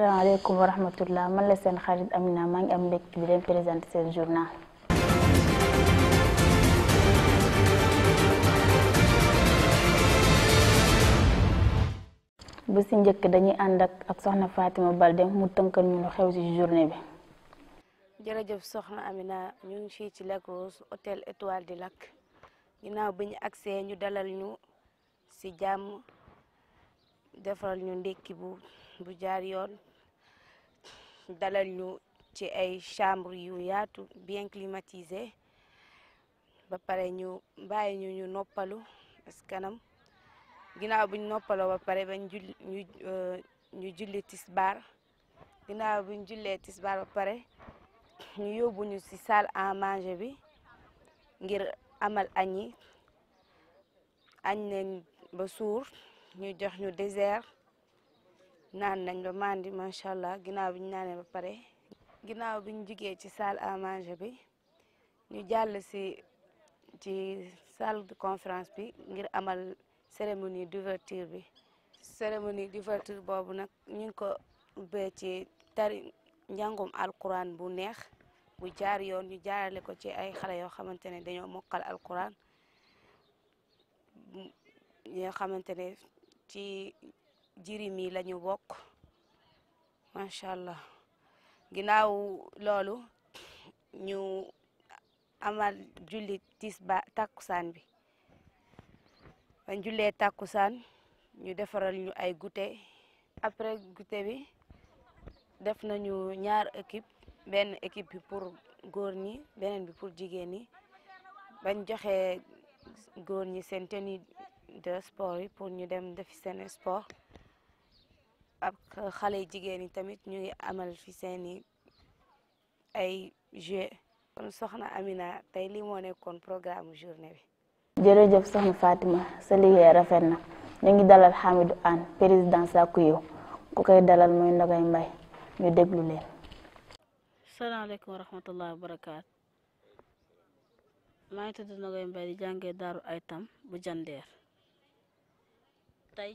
asalaamaaleykum wa rahmatullah seen xarit Amina maa ngi am mbégte leen présenter seen journal. bu si njëkk dañuy àndak ak ak soxna Fatima Balde mu tënkal ñu lu xew ci journée bi. jërëjëf soxna Amina ñu ngi fii ci Lac Rose hôtel Étoile lakk Lac ginnaaw bi ñu agsee ñu dalal ñu ci jàmm defaral ñu ndékki bu bu jaar yoon dalal ñu ci ay chambre yu yaatu bien climatisé ba pare ñu bàyyi ñu ñu noppalu parce que kanam ginnaaw buñ noppaloo ba pare bañ julli ñu euh, ñu julli tisbaar ginnaaw buñ jullee tisbaar ba pare ñu yóbbu ñu ci salle en manger bi ngir amal añ añ nañ ba suur ñu jox ñu dessert naan nañ ba mandi macha allah ginnaaw bi ñu naanee ba pare ginnaaw bi ñu jugee ci salle à manger bi ñu jàll si ci salle de conférence bi ngir amal cérémonie d'ouverture bi cérémonie d'ouverture boobu nag ñu ko ubbee ci tari njàngum alquran bu neex bu jaar yoon ñu jaarale ko ci ay xale yoo xamante ne dañoo mokkal alquran yoo xamante ci jirim mila lañu bokk macha allah ginnaaw lolu ñu amal julli tisba takusan bi ban julle takusan, ñu defaral ñu ay goûter après goûter bi def nañu ñaar équipe ben équipe bi pour góor ñi benen bi pour jigen ñi ban joxe góor ñi sen tenue de sport pour ñu dem def sen sport ak xale jigéen yi tamit ñu ngi amal fi seeni ay jeux kon soxna Amina tey lii moo nekkoon programme journée bi. jërëjëf soxna Fatima sa liggéey rafet na ñu dalal Hamidou Anne président Sakku Yiw ku koy dalal mooy Ndogay Mbay ñu déglu leen. salaamaaleykum wa wa barakaatu. maa ngi tudd Ndogay Mbay di jàngee daaru Aytam bu Jandeer tey.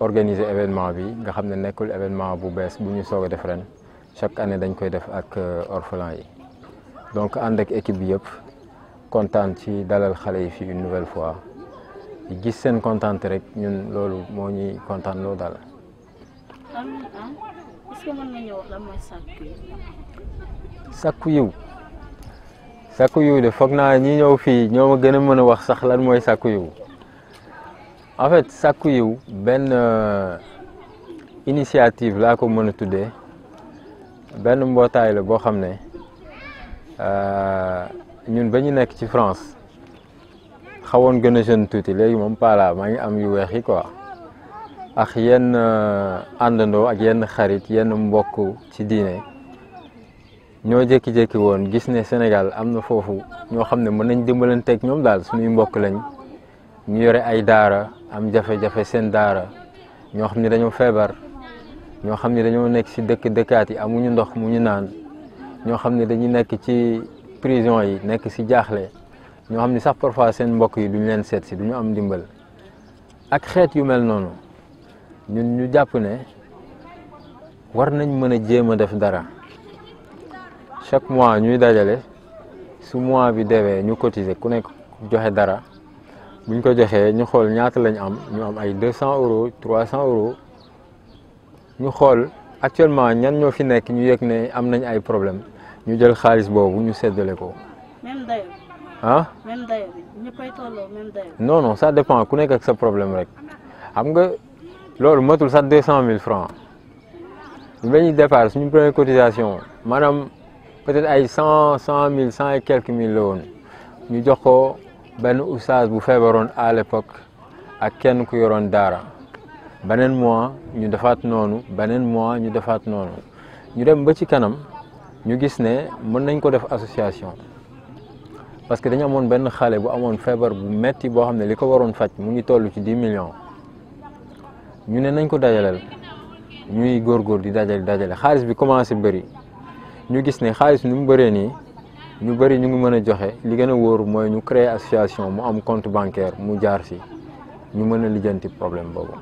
organiser événement bi nga xamné nekul événement bu bess bu ñu soog def ren chaque année dañ koy def ak euh, orphelin yi donc ànd ak équipe bi yëpp kontaan ci dalal xalé yi fi une nouvelle fois gis sen kontaan rek ñun lolu mo ñi kontaan loo dal est-ce que mën de foog naa ñi ñew fi ñoma gëna mëna wax sax lan moy sàkku yiw. en fait sàkku yiw benn euh, initiative laa ko mën a tuddee benn mbootaay la boo xam ne euh, ñun ba ñu nekk ci France xawoon gën a jeune tuuti léegi moom pala maa ngi am yu weex yi quoi ak yenn euh, àndandoo ak yenn xarit yenn mbokk ci diine ñoo jékki-jékki woon gis ne Sénégal am na foofu ñoo xam ne mën nañ dimbalanteeg ñoom daal suñuy mbokk lañ ñu yore ay daara am jafe-jafe seen daara ñoo xam ne dañoo feebar ñoo xam ne dañoo nekk si dëkk dëkkaat yi amuñu ndox mu ñu naan ñoo xam ne dañu nekk ci prison yi nekk si jaaxle ñoo xam ne sax parfois seen mbokk yi ñu leen seet si duñu am ndimbal ak xeet yu mel noonu ñun ñu jàpp ne war nañ mën a jéem a def dara chaque mois ñuy dajale su mois bi dewee ñu cotiser ku nekk joxe dara Nous ko joxé ñu xol ñaata lañ am ñu am ay 200 euros 300 euros ñu xol actuellement ñan avons fi nekk ñu avons né am nañ ay problème ñu jël xaaliss bobu ñu sédélé ko même day hein même day ñu tolo même day non non ça dépend ku nekk ak sa problème rek xam nga lolu motul 200 000 francs ñu bañu départ suñu première cotisation manam peut-être ay 100 100 000 100 et quelques millions ñu jox ko benn oustaz bu feebaroon à l'époque ak kenn ku yoroon daara beneen mois ñu defaat noonu beneen mois ñu defaat noonu ñu dem ba ci kanam ñu gis ne mën nañ ko def association parce que dañu amoon benn xale bu amoon feebar bu metti boo xam ne li ko waroon faj mu ngi tollu ci dix million ñu ne nañ ko dajaleel ñuy góorgóor di dajale dajale xaalis bi commencé bëri ñu gis ne xaalis nu mu bëree nii ñu bari ñu ngi mën a joxe li gën a wóor mooy ñu créer association mu am compte bancaire mu jaar si ñu mën a lijjanti problème boobu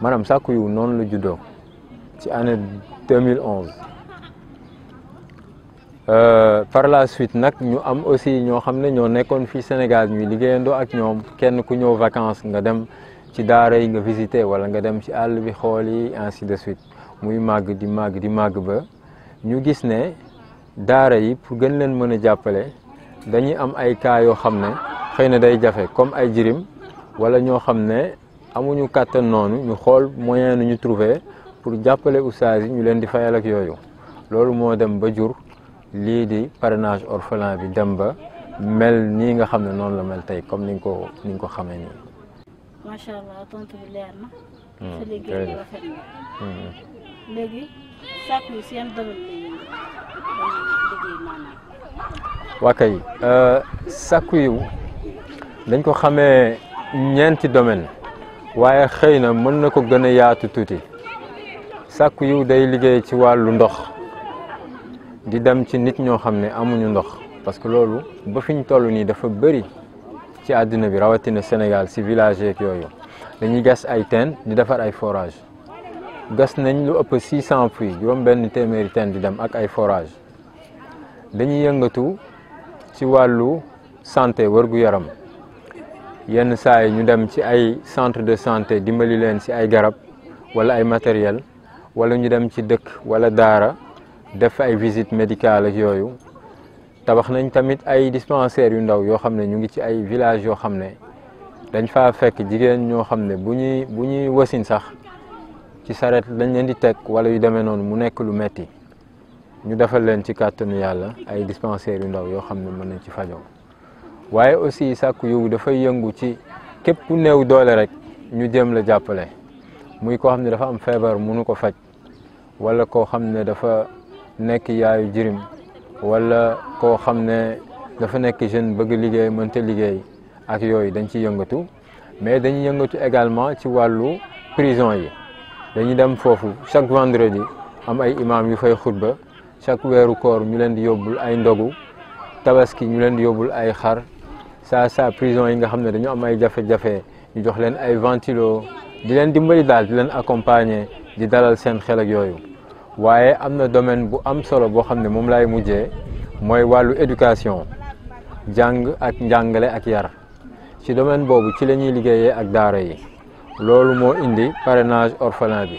maanaam Sakku Yiw noonu la juddoo ci année 2011 euh, par la suite nag ñu am aussi ñoo xam ne ñoo nekkoon fii Sénégal ñuy liggéeyandoo ak ñoom kenn ku ñëw vacances nga dem ci daara yi nga visité wala nga dem ci àll bi xool yi ainsi de suite muy màgg di màgg di màgg ba ñu gis ne. daara yi pour gën leen mën a jàppale dañuy am ay cas yoo xam ne xëy na day jafe comme ay jirim wala ñoo xam ne amuñu kàttan noonu ñu xool moyen nu ñu trouver pour jàppale oustaz yi ñu leen di fayal ak yooyu loolu moo dem ba jur lii di parrainage orphelin bi dem ba mel nii nga xam ne noonu la mel tey comme ni nga ko ni ko xamee nii. waa kay euh, sàkku yiw dañ ko xamee ñeenti domaine waaye xëy na mën na ko gën a yaatu tuuti sàkku yiw day liggéey ci wàllu ndox di dem ci nit ñoo xam ne amuñu ndox parce que loolu ba fi ñu toll nii dafa bëri ci àddina bi rawatina Sénégal si village yeeg yooyu dañuy gas ay teen di defar ay forage gas nañ lu ëpp 600 puits juróom benn téeméeri teen di dem ak ay forage dañuy yëngatu ci wàllu santé wargu yaram yenn saa yi ñu dem ci ay centre de santé dimbali leen ci ay garab wala ay matériel wala ñu dem ci dëkk wala daara def ay visite médicale ak yooyu tabax nañ tamit ay dispensaires yu ndaw yoo xam ne ñu ngi ci ay village yoo xam ne dañ fa fekk jigéen ñoo xam ne bu ñuy bu ñuy wasin sax ci saret dañ leen di teg wala yu demee noonu mu nekk lu metti ñu defal leen ci kàttanu yàlla ay dispensaires yu ndaw yoo xam ne mën nañ ci fajoo waaye aussi sàkku yiw dafay yëngu ci képp ku néew doole rek ñu jëm la jàppale muy koo xam ne dafa am feebar munu ko faj wala koo xam ne dafa nekk yaayu jirim wala koo xam ne dafa nekk jeune bëgg liggéey mënta liggéey ak yooyu dañ ci yëngatu mais dañuy yëngatu également ci wàllu prison yi dañuy dem foofu chaque vendredi am ay imam yu fay xutba chaque weeru koor ñu leen di yóbbul ay ndogu tabaski ñu leen di yóbbul ay xar saa saa prison yi nga xam ne dañu am ay jafe-jafe ñu jox leen ay ventilo di leen di mbali daal di leen accompagner di dalal seen xel ak yooyu waaye am na domaine bu am solo boo xam ne moom lay mujjee mooy wàllu éducation jàng ak njàngale ak yar ci domaine boobu ci la ñuy liggéeyee ak daara yi loolu moo indi parenage orphelin bi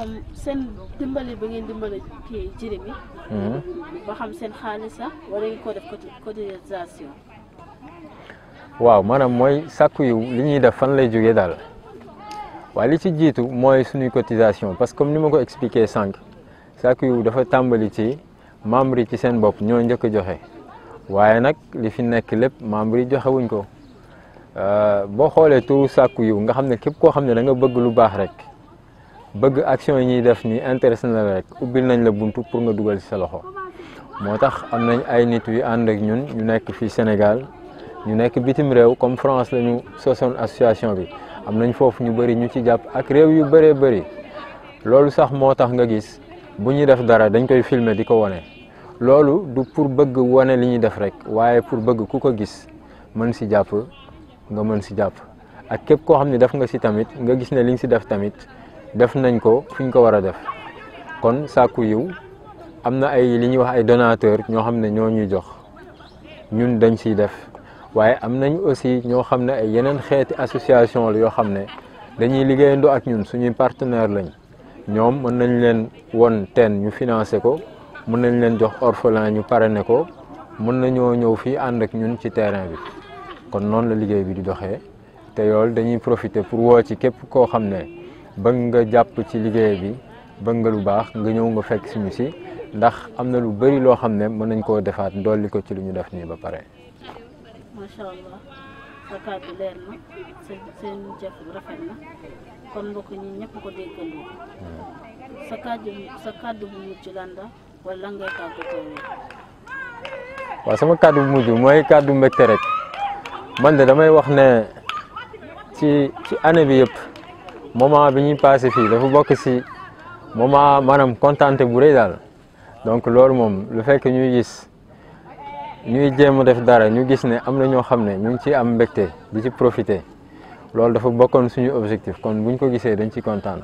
xam seen dimbali ba hmm. xam seen xaalis waaw maanaam mooy sàkku yu li ñuy def fan lay jógee daal waaye li ci jiitu mooy suñuy cotisation parce que comme ni ma ko expliqué sànq sàkku yu dafa tàmbali ci membre yi ci seen bopp ñoo njëkk a joxe waaye nag li fi nekk lépp membre yi joxe wuñ ko euh, boo xoolee turu sàkku yu nga xam ne képp koo xam ne da bëgg lu baax rek bëgg action yi ñuy def nii intéressé na la rek ubbil nañ la buntu pour nga dugal ci sa loxo moo tax am nañ ay nit yu ànd ak ñun ñu nekk fii Sénégal ñu nekk bitim réew comme France lañu ñu association bi am nañ foofu ñu bëri ñu ci jàpp ak réew yu bëree bëri loolu sax moo tax nga gis bu ñuy def dara dañ koy filmer di ko wane loolu du pour bëgg wane li ñuy def rek waaye pour bëgg ku ko gis mën si jàpp nga mën si jàpp ak képp koo xam ne def nga si tamit nga gis ne li nga si def tamit def nañ ko fi ñu ko war a def kon sàkku yiw am na ay li ñuy wax ay donateur ñoo xam ne ñoo ñuy jox ñun dañ siy def waaye am nañ aussi ñoo xam ne ay yeneen xeeti association la yoo xam ne dañuy liggéeyandoo ak ñun suñuy partenaire lañ ñoom mën nañ leen won teen ñu financé ko mën nañ leen jox orphelin ñu pare ne ko mën nañoo ñëw fii ànd ak ñun ci terrain bi kon noonu la liggéey bi di doxee te yool dañuy profiter pour woo ci képp koo xam ne bëgg nga jàpp ci liggéey bi bëgg nga lu baax nga ñëw nga fekk suñu si ndax am na lu bari loo xam ne mën nañ koo defaat dolli ko ci lu ñu def nii ba pare. macha hmm. sa kàddu bu mujj lan la wala ngay tàggatoo waaw sama kàddu bu mujj mooy kàddu mbégte rek man de damay wax ne ci ci année bi yëpp. moment bi ñuy passé fi dafa bokk ci moment manam contenté bu rëy dal donc loolu moom lu fekk ñuy gis ñuy jëm def dara ñu gis né amna ño xamné ñu ci am mbégte di ci profiter loolu dafa bokkoon suñu objectif kon buñ ko gisee dañ ci kontaan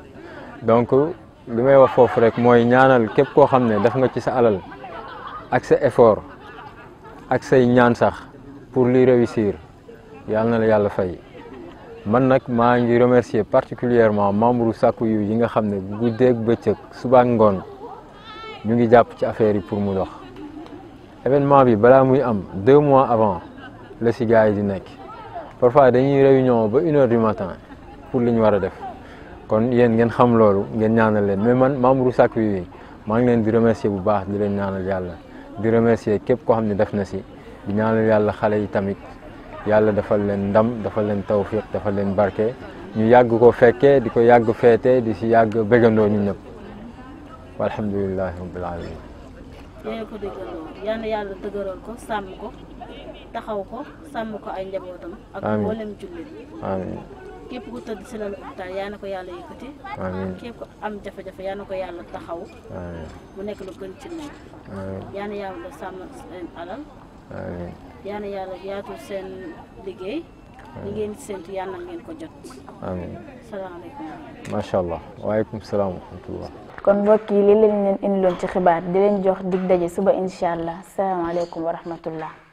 donc limay may wax foofu rek moy ñaanal képp ko xamné ne def nga ci sa alal ak sa effort ak say ñaan sax pour li réussir yalla na la yalla fay man nak ma ngi remercier particulièrement membre sàkku yu yi nga xam ne ak bëccëg suba ngone ñu ngi japp ci affaire yi pour mu dox événement bi bala muy am deux mois avant le si di nekk parfois dañuy réunion ba 1 heure du matin pour liñ wara def kon yeen ngeen xam lolu ngeen ñaanal leen mais man membre sàkku yi ma ngi leen di remercier bu baax di leen ñaanal yalla di remercier képp ko xam ne def na si di ñaanal yalla xalé yi tamit yàlla defal leen ndam defal leen tawfiq dafa leen barke ñu yàgg ko fekkee di ko yàgg feete di si yàgg bëggandoo ñu ñëpp walhamdulilahi rabbil alamin yéen ko ko tëdd si lalu hôpital yaa yàlla yëkkati képp ku am jafe-jafe yàlla taxaw mu nekk lu gën ci yàlla sàmm seen alal amiin yal na yàlla yaatul seen liggéey. li ngeen séntu yal na ngeen ko jot. amiin salaamaaleykum. macha allah waaleykum salaam wa rahmatullah. kon mbokk yi li leen leen indiloon ci xibaar di leen jox dig daje suba incha allah salaamaaleykum wa rahmatullah.